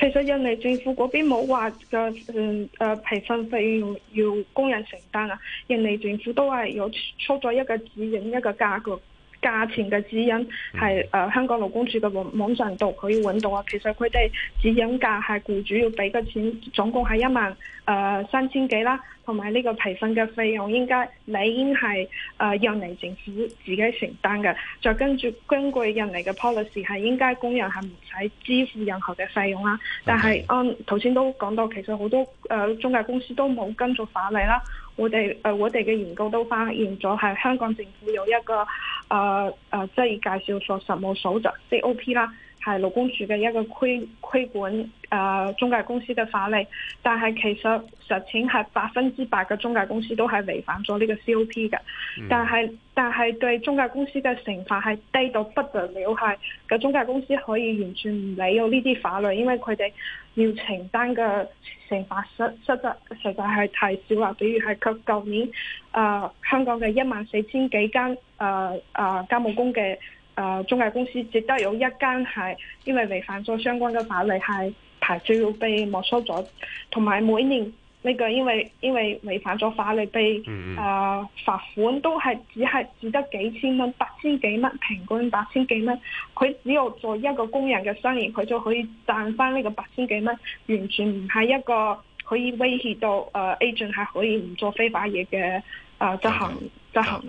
S5: 其實印尼政府嗰邊冇話個誒誒培訓費用要工人承擔啊，印尼政府都係有出咗一個指引一個價格。價錢嘅指引係誒香港勞工處嘅網網上度可以揾到啊。其實佢哋指引價係僱主要俾嘅錢，總共係一萬誒三千幾啦，同埋呢個培訓嘅費用應該理應係誒印尼政府自己承擔嘅。再跟住根據印尼嘅 policy 係應該工人係唔使支付任何嘅費用啦。但係按頭先都講到，其實好多誒中介公司都冇跟足法例啦。我哋誒，我哋嘅研究都發現咗，係香港政府有一個誒誒，即、呃、係、呃就是、介紹所實務守則 COP 啦。係勞工署嘅一個規規管，誒、呃、中介公司嘅法例，但係其實實踐係百分之百嘅中介公司都係違反咗呢個 COP 嘅、嗯，但係但係對中介公司嘅懲罰係低到不得了，係嘅中介公司可以完全唔理呢啲法律，因為佢哋要承擔嘅懲罰實實質實在係太少啦。比如係佢舊年誒、呃、香港嘅一萬四千幾間誒誒、呃呃、家務工嘅。誒、呃，中介公司只得有一間係，因為違反咗相關嘅法律，係牌照被沒收咗，同埋每年呢個因為因為違反咗法律，被罰罰款都係只係只得幾千蚊，八千幾蚊平均八千幾蚊，佢只有做一個工人嘅生意，佢就可以賺翻呢個八千幾蚊，完全唔係一個可以威脅到誒、呃、agent 係可以唔做非法嘢嘅誒執行執行。執行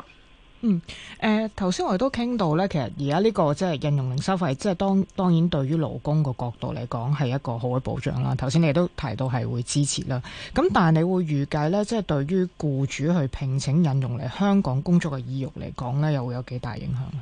S2: 嗯，誒頭先我哋都傾到咧，其實而家呢個即係印傭零收費，即係當當然對於勞工個角度嚟講係一個好嘅保障啦。頭先你都提到係會支持啦，咁但係你會預計咧，即係對於僱主去聘請印傭嚟香港工作嘅意欲嚟講咧，又會有幾大影響啊？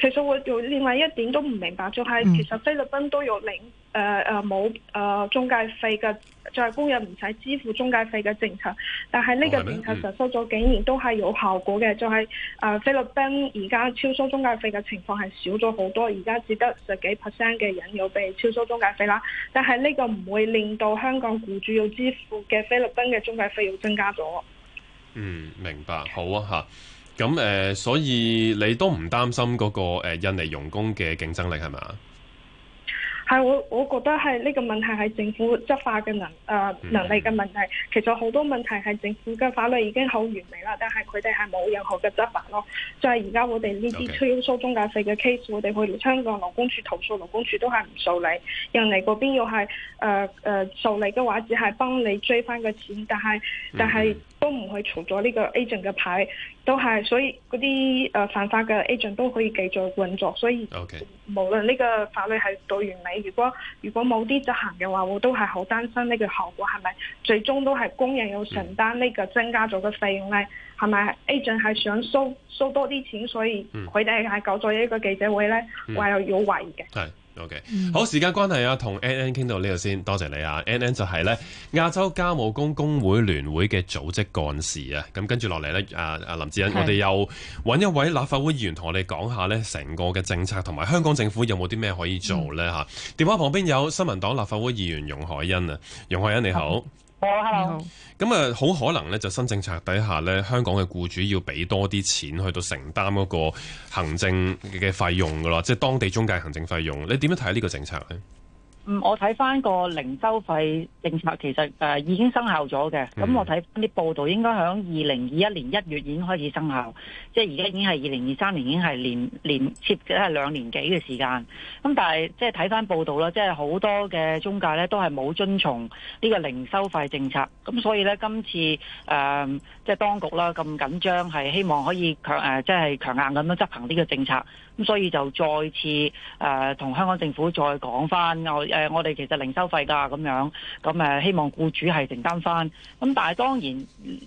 S5: 其實我有另外一點都唔明白，就係、是、其實菲律賓都有零誒誒冇誒中介費嘅，就係、是、工人唔使支付中介費嘅政策。但係呢個政策實收咗竟然都係有效果嘅，就係、是、誒、呃、菲律賓而家超收中介費嘅情況係少咗好多，而家只得十幾 percent 嘅人有被超收中介費啦。但係呢個唔會令到香港僱主要支付嘅菲律賓嘅中介費要增加咗。嗯，
S1: 明白，好啊吓。咁誒、呃，所以你都唔擔心嗰、那個、呃、印尼傭工嘅競爭力係咪啊？
S5: 係我我覺得係呢個問題，係政府執法嘅能誒、呃、能力嘅問題。其實好多問題，係政府嘅法律已經好完美啦，但係佢哋係冇任何嘅執法咯。就係而家我哋呢啲催收中介費嘅 case，我哋去香港勞工處投訴，勞工處都係唔受理。印尼嗰邊又係誒、呃、受理嘅話，只係幫你追翻個錢，但係。但係。嗯都唔去除咗呢個 agent 嘅牌，都係，所以嗰啲誒犯法嘅 agent 都可以繼續運作，所以、okay. 無論呢個法律係到完美，如果如果冇啲執行嘅話，我都係好擔心呢個效果係咪最終都係工人要承擔呢個增加咗嘅費用咧？係、嗯、咪 agent 係想收收多啲錢，所以佢哋係搞咗一個記者會咧，話、嗯、有有懷疑嘅。
S1: O、okay. K，好，時間關係啊，同 AN AN 傾到呢度先，多謝你啊。AN AN 就係咧亞洲家務工工會聯會嘅組織幹事啊。咁跟住落嚟咧，啊林志恩，我哋又揾一位立法會議員同我哋講下咧成個嘅政策，同埋香港政府有冇啲咩可以做咧嚇、嗯啊？電話旁邊有新民黨立法會議員容海恩啊，容海恩你好。好好，hello、嗯。咁啊，好可能咧，就新政策底下咧，香港嘅僱主要俾多啲錢去到承擔一個行政嘅費用噶啦，即係當地中介行政費用。你點樣睇呢個政策咧？
S6: 嗯，我睇翻個零收費政策其實誒、呃、已經生效咗嘅，咁我睇翻啲報道應該響二零二一年一月已經開始生效，即係而家已經係二零二三年已經係年年接近係兩年幾嘅時間，咁但係即係睇翻報道啦，即係好多嘅中介咧都係冇遵從呢個零收費政策，咁所以咧今次誒。呃即係當局啦，咁緊張係希望可以強即係強硬咁樣、就是、執行呢個政策，咁所以就再次誒同、呃、香港政府再講翻、呃，我我哋其實零收費㗎咁樣，咁希望僱主係承擔翻，咁但係當然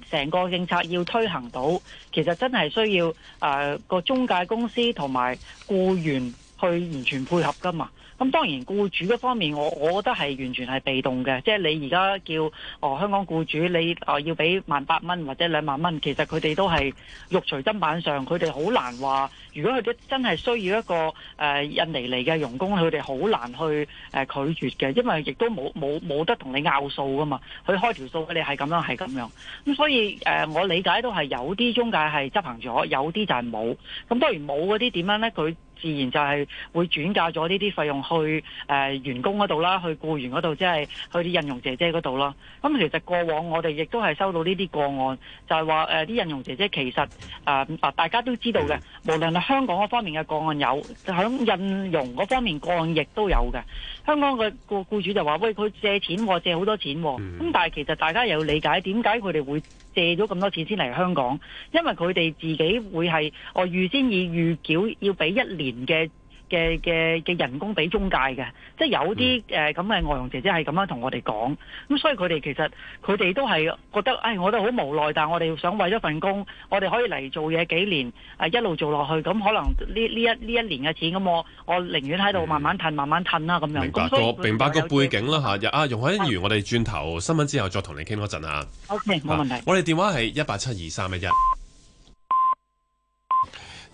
S6: 成個政策要推行到，其實真係需要誒、呃、個中介公司同埋僱員去完全配合㗎嘛。咁當然僱主嗰方面，我我覺得係完全係被動嘅，即係你而家叫哦香港僱主，你、哦、要俾萬八蚊或者兩萬蚊，其實佢哋都係肉隨砧板上，佢哋好難話。如果佢都真係需要一個誒、呃、印尼嚟嘅傭工，佢哋好難去誒、呃、拒絕嘅，因為亦都冇冇冇得同你拗數㗎嘛。佢開條數，你係咁樣係咁樣。咁所以誒、呃，我理解都係有啲中介係執行咗，有啲就係冇。咁當然冇嗰啲點樣咧？佢自然就係會轉嫁咗呢啲費用去誒、呃、員工嗰度啦，去僱員嗰度，即係去啲印傭姐姐嗰度啦。咁其實過往我哋亦都係收到呢啲個案，就係話誒啲印傭姐姐其實啊、呃、大家都知道嘅，無論係香港嗰方面嘅個案有，喺印傭嗰方面個案亦都有嘅。香港嘅個僱主就話，喂，佢借錢借好多錢，啊，咁、嗯、但係其實大家又要理解點解佢哋會。借咗咁多錢先嚟香港，因為佢哋自己會係哦預先以預繳要俾一年嘅。嘅嘅嘅人工俾中介嘅，即係有啲誒咁嘅外傭姐姐係咁樣同我哋講，咁所以佢哋其實佢哋都係覺得，誒，我哋好無奈，但係我哋想為咗份工，我哋可以嚟做嘢幾年，誒，一路做落去，咁可能呢呢一呢一年嘅錢，咁我我寧願喺度慢慢褪，慢慢褪啦咁樣。明白個明白個背
S1: 景啦嚇，阿容海恩完，我哋轉頭新聞之後再同你傾一陣啊。
S5: O K，冇問題。
S1: 我哋電話係一八七二三一一。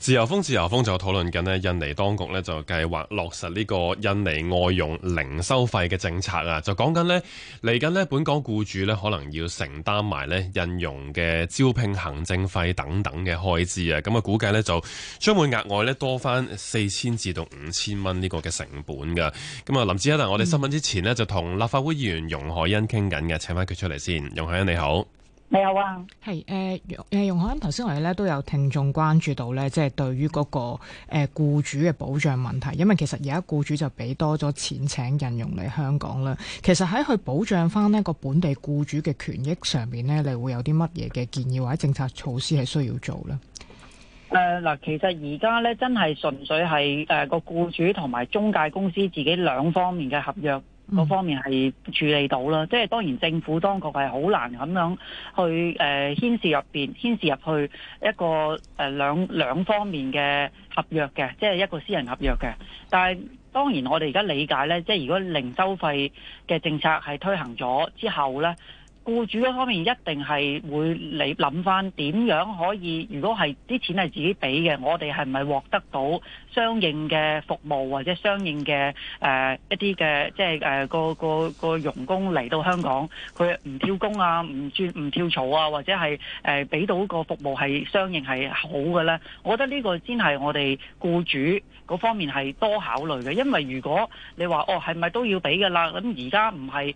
S1: 自由風，自由風就討論緊印尼當局就計劃落實呢個印尼外傭零收費嘅政策啊，就講緊呢嚟緊呢本港僱主呢可能要承擔埋印傭嘅招聘行政費等等嘅開支啊，咁啊估計呢就將會額外呢多翻四千至到五千蚊呢個嘅成本噶，咁啊林一欣，我哋新聞之前呢就同立法會議員容海恩傾緊嘅，請翻佢出嚟先，容海恩你好。
S2: 有啊，係誒，誒、呃，容海恩，頭先我哋咧都有聽眾關注到咧，即、就、係、是、對於嗰個誒僱主嘅保障問題，因為其實而家僱主就俾多咗錢請人用嚟香港啦，其實喺去保障翻呢個本地僱主嘅權益上邊咧，你會有啲乜嘢嘅建議或者政策措施係需要做咧？
S6: 誒，嗱，其實而家咧真係純粹係誒個僱主同埋中介公司自己兩方面嘅合約。嗰、嗯、方面係處理到啦，即係當然政府當局係好難咁樣去誒、呃、牽涉入邊牽涉入去一個誒、呃、兩兩方面嘅合約嘅，即係一個私人合約嘅。但係當然我哋而家理解呢，即係如果零收費嘅政策係推行咗之後呢。僱主嗰方面一定係會嚟諗翻點樣可以，如果係啲錢係自己俾嘅，我哋係咪獲得到相應嘅服務或者相應嘅誒、呃、一啲嘅即係誒個個個傭工嚟到香港，佢唔跳工啊，唔轉唔跳槽啊，或者係誒俾到個服務係相應係好嘅呢？我覺得呢個先係我哋僱主嗰方面係多考慮嘅，因為如果你話哦係咪都要俾㗎啦？咁而家唔係。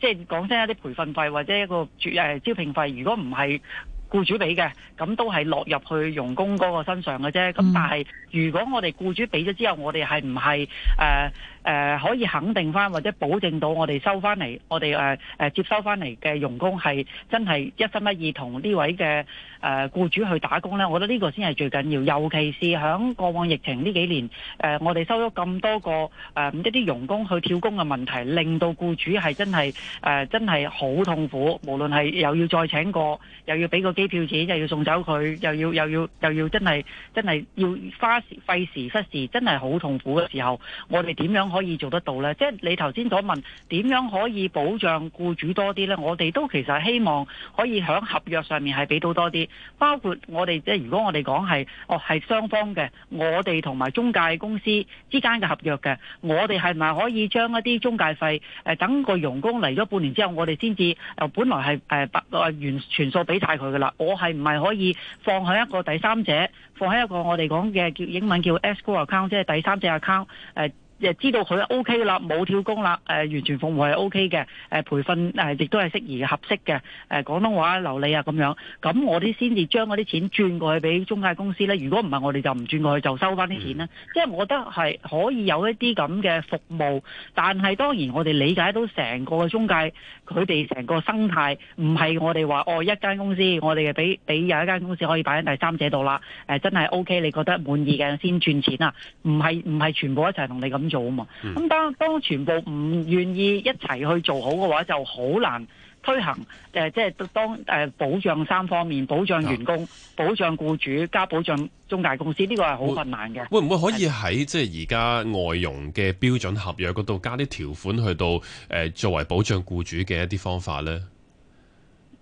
S6: 即係講真，一啲培訓費或者一個招誒招聘費，如果唔係雇主俾嘅，咁都係落入去傭工嗰個身上嘅啫。咁但係如果我哋雇主俾咗之後，我哋係唔係誒？呃誒可以肯定翻或者保證到我哋收翻嚟，我哋誒誒接收翻嚟嘅傭工係真係一心一意同呢位嘅誒僱主去打工咧，我覺得呢個先係最緊要。尤其是響過往疫情呢幾年，誒我哋收咗咁多個誒一啲傭工去跳工嘅問題，令到僱主係真係誒真係好痛苦。無論係又要再請過，又要俾個機票錢，又要送走佢，又要又要又要真係真係要花時費時失事，真係好痛苦嘅時候，我哋點樣可以做得到呢？即係你頭先所問點樣可以保障僱主多啲呢？我哋都其實希望可以喺合約上面係俾到多啲，包括我哋即係如果我哋講係哦係雙方嘅，我哋同埋中介公司之間嘅合約嘅，我哋係唔係可以將一啲中介費誒、呃、等個傭工嚟咗半年之後，我哋先至本來係誒百全數俾晒佢嘅啦？我係唔係可以放喺一個第三者，放喺一個我哋講嘅叫英文叫 escrow account，即係第三者 account 誒、呃？就知道佢 O K 啦，冇跳工啦，誒完全服務係 O K 嘅，誒培訓誒亦都係適宜合適嘅，誒廣東話流利啊咁樣，咁我哋先至將嗰啲錢轉過去俾中介公司咧。如果唔係，我哋就唔轉過去就收翻啲錢啦。即係我覺得係可以有一啲咁嘅服務，但係當然我哋理解到成個嘅中介佢哋成個生態唔係我哋話哦一間公司，我哋俾俾有一間公司可以擺喺第三者度啦。誒真係 O K，你覺得滿意嘅先轉錢啊，唔係唔係全部一齊同你咁。做、嗯、嘛，咁當當全部唔願意一齊去做好嘅話，就好難推行。誒、呃，即係當誒、呃、保障三方面，保障員工，啊、保障僱主，加保障中介公司，呢、呢個係好困難嘅。會唔
S1: 會，會可以喺即係而家外傭嘅標準合約嗰度加啲條款去到誒、呃，作為保障僱主嘅一啲方法呢？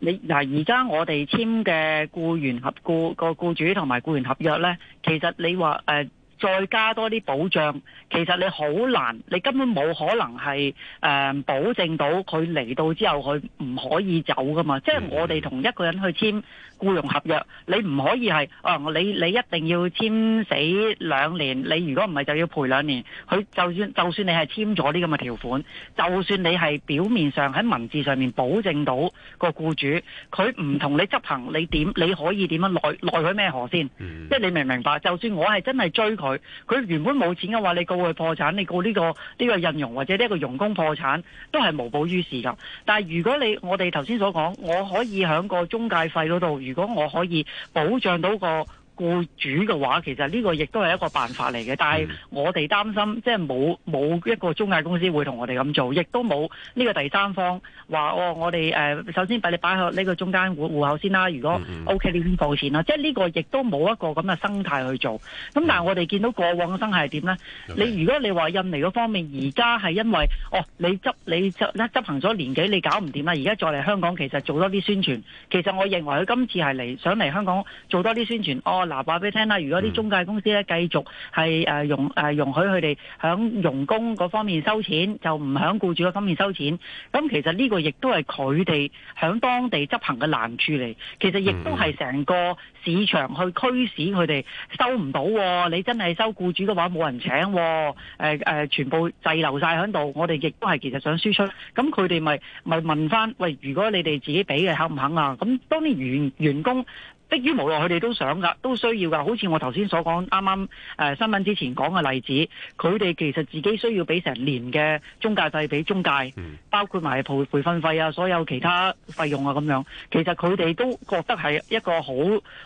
S6: 你嗱，而家我哋簽嘅僱員合僱個僱主同埋僱員合約呢，其實你話誒。呃再加多啲保障，其實你好難，你根本冇可能係誒、呃、保證到佢嚟到之後，佢唔可以走噶嘛，即係我哋同一個人去簽僱傭合約，你唔可以係啊！你你一定要簽死兩年，你如果唔係就要賠兩年。佢就算就算你係簽咗呢咁嘅條款，就算你係表面上喺文字上面保證到個雇主，佢唔同你執行，你點你可以點樣奈奈佢咩何先？嗯、即係你明唔明白？就算我係真係追佢。佢原本冇錢嘅話，你告佢破產，你告呢個呢個印傭或者呢個傭工破產，都係無補於事噶。但係如果你我哋頭先所講，我可以響個中介費嗰度，如果我可以保障到個僱主嘅話，其實呢個亦都係一個辦法嚟嘅，但係我哋擔心，即係冇冇一個中介公司會同我哋咁做，亦都冇呢個第三方話哦，我哋誒、呃、首先俾你擺喺呢個中間戶戶口先啦。如果 OK，嗯、你先報錢啦、啊。即係呢個亦都冇一個咁嘅生態去做。咁但係我哋見到過往嘅生態係點咧？你如果你話印尼嗰方面而家係因為哦，你執你執執，執，執行咗年幾，你搞唔掂啦，而家再嚟香港其實做多啲宣傳。其實我認為佢今次係嚟想嚟香港做多啲宣傳、哦嗱，話俾你聽啦，如果啲中介公司咧繼續係誒容誒容許佢哋喺傭工嗰方面收錢，就唔喺僱主嗰方面收錢，咁其實呢個亦都係佢哋喺當地執行嘅難處嚟。其實亦都係成個市場去驅使佢哋收唔到。你真係收僱主嘅話，冇人請。誒誒，全部滯留晒喺度。我哋亦都係其實想輸出，咁佢哋咪咪問翻，喂，如果你哋自己俾嘅，肯唔肯啊？咁當啲員員工。迫於無奈佢哋都想噶，都需要噶，好似我頭先所講啱啱誒新聞之前講嘅例子，佢哋其實自己需要俾成年嘅中介費俾中介，就是中介嗯、包括埋培培訓費啊，所有其他費用啊咁樣，其實，佢哋都覺得係一個好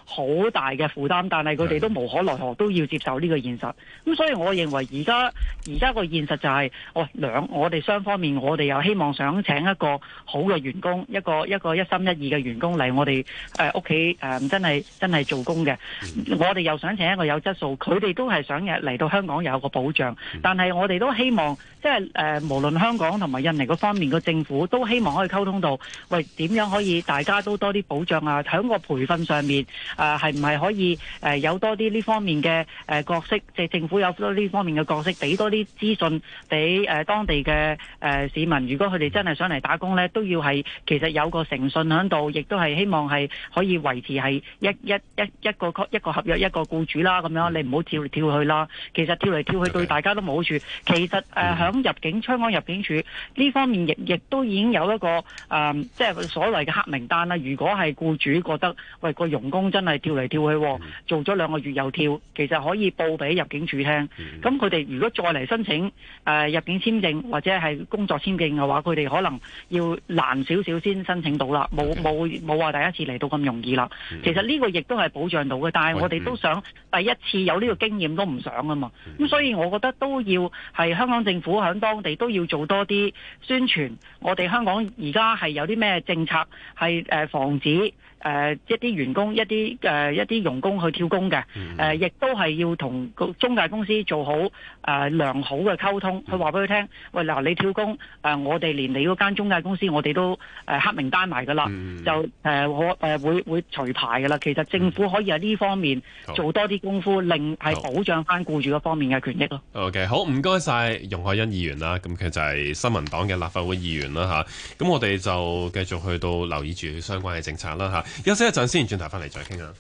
S6: 好大嘅負擔，但係，佢哋都無可奈何，都要接受呢個現實，咁所以我認為而家而家個現實就係、是、哦兩我哋雙方面，我哋又希望想請一個好嘅員工，一個一個一心一意嘅員工嚟我哋誒屋企誒。呃真係真係做工嘅，我哋又想請一個有質素，佢哋都係想嚟到香港有個保障。但係我哋都希望，即係誒、呃、無論香港同埋印尼嗰方面嘅政府，都希望可以溝通到，喂，點樣可以大家都多啲保障啊？喺個培訓上面，誒係唔係可以誒、呃、有多啲呢方面嘅誒角色？即、呃、係政府有多呢方面嘅角色，俾多啲資訊俾誒當地嘅誒、呃、市民。如果佢哋真係想嚟打工咧，都要係其實有個誠信喺度，亦都係希望係可以維持係。一一一一個一個合約一個雇主啦，咁樣你唔好跳嚟跳去啦。其實跳嚟跳去對大家都冇好處。其實誒響入境香港入境處呢方面，亦亦都已經有一個誒，即係所謂嘅黑名單啦。如果係雇主覺得喂，個傭工真係跳嚟跳去，做咗兩個月又跳，其實可以報俾入境處聽。咁佢哋如果再嚟申請誒入境簽證或者係工作簽證嘅話，佢哋可能要難少少先申請到啦。冇冇冇話第一次嚟到咁容易啦。其實呢個亦都係保障到嘅，但係我哋都想第一次有呢個經驗都唔想啊嘛，咁所以我覺得都要係香港政府響當地都要做多啲宣傳，我哋香港而家係有啲咩政策係誒防止。誒、呃、一啲員工、一啲誒、呃、一啲用工去跳工嘅，誒、嗯、亦、呃、都係要同中介公司做好誒、呃、良好嘅溝通，佢話俾佢聽，喂嗱、呃、你跳工，誒、呃、我哋連你嗰間中介公司我哋都、呃、黑名單埋㗎啦、嗯，就誒我誒會會除牌㗎啦。其實政府可以喺呢方面做多啲功夫，令係保障翻僱主嗰方面嘅權益咯。
S1: OK，好唔該晒，謝謝容海恩議員啦嚇，咁佢就係新民黨嘅立法會議員啦嚇，咁我哋就繼續去到留意住相關嘅政策啦嚇。休息一陣先，轉頭翻嚟再傾啊！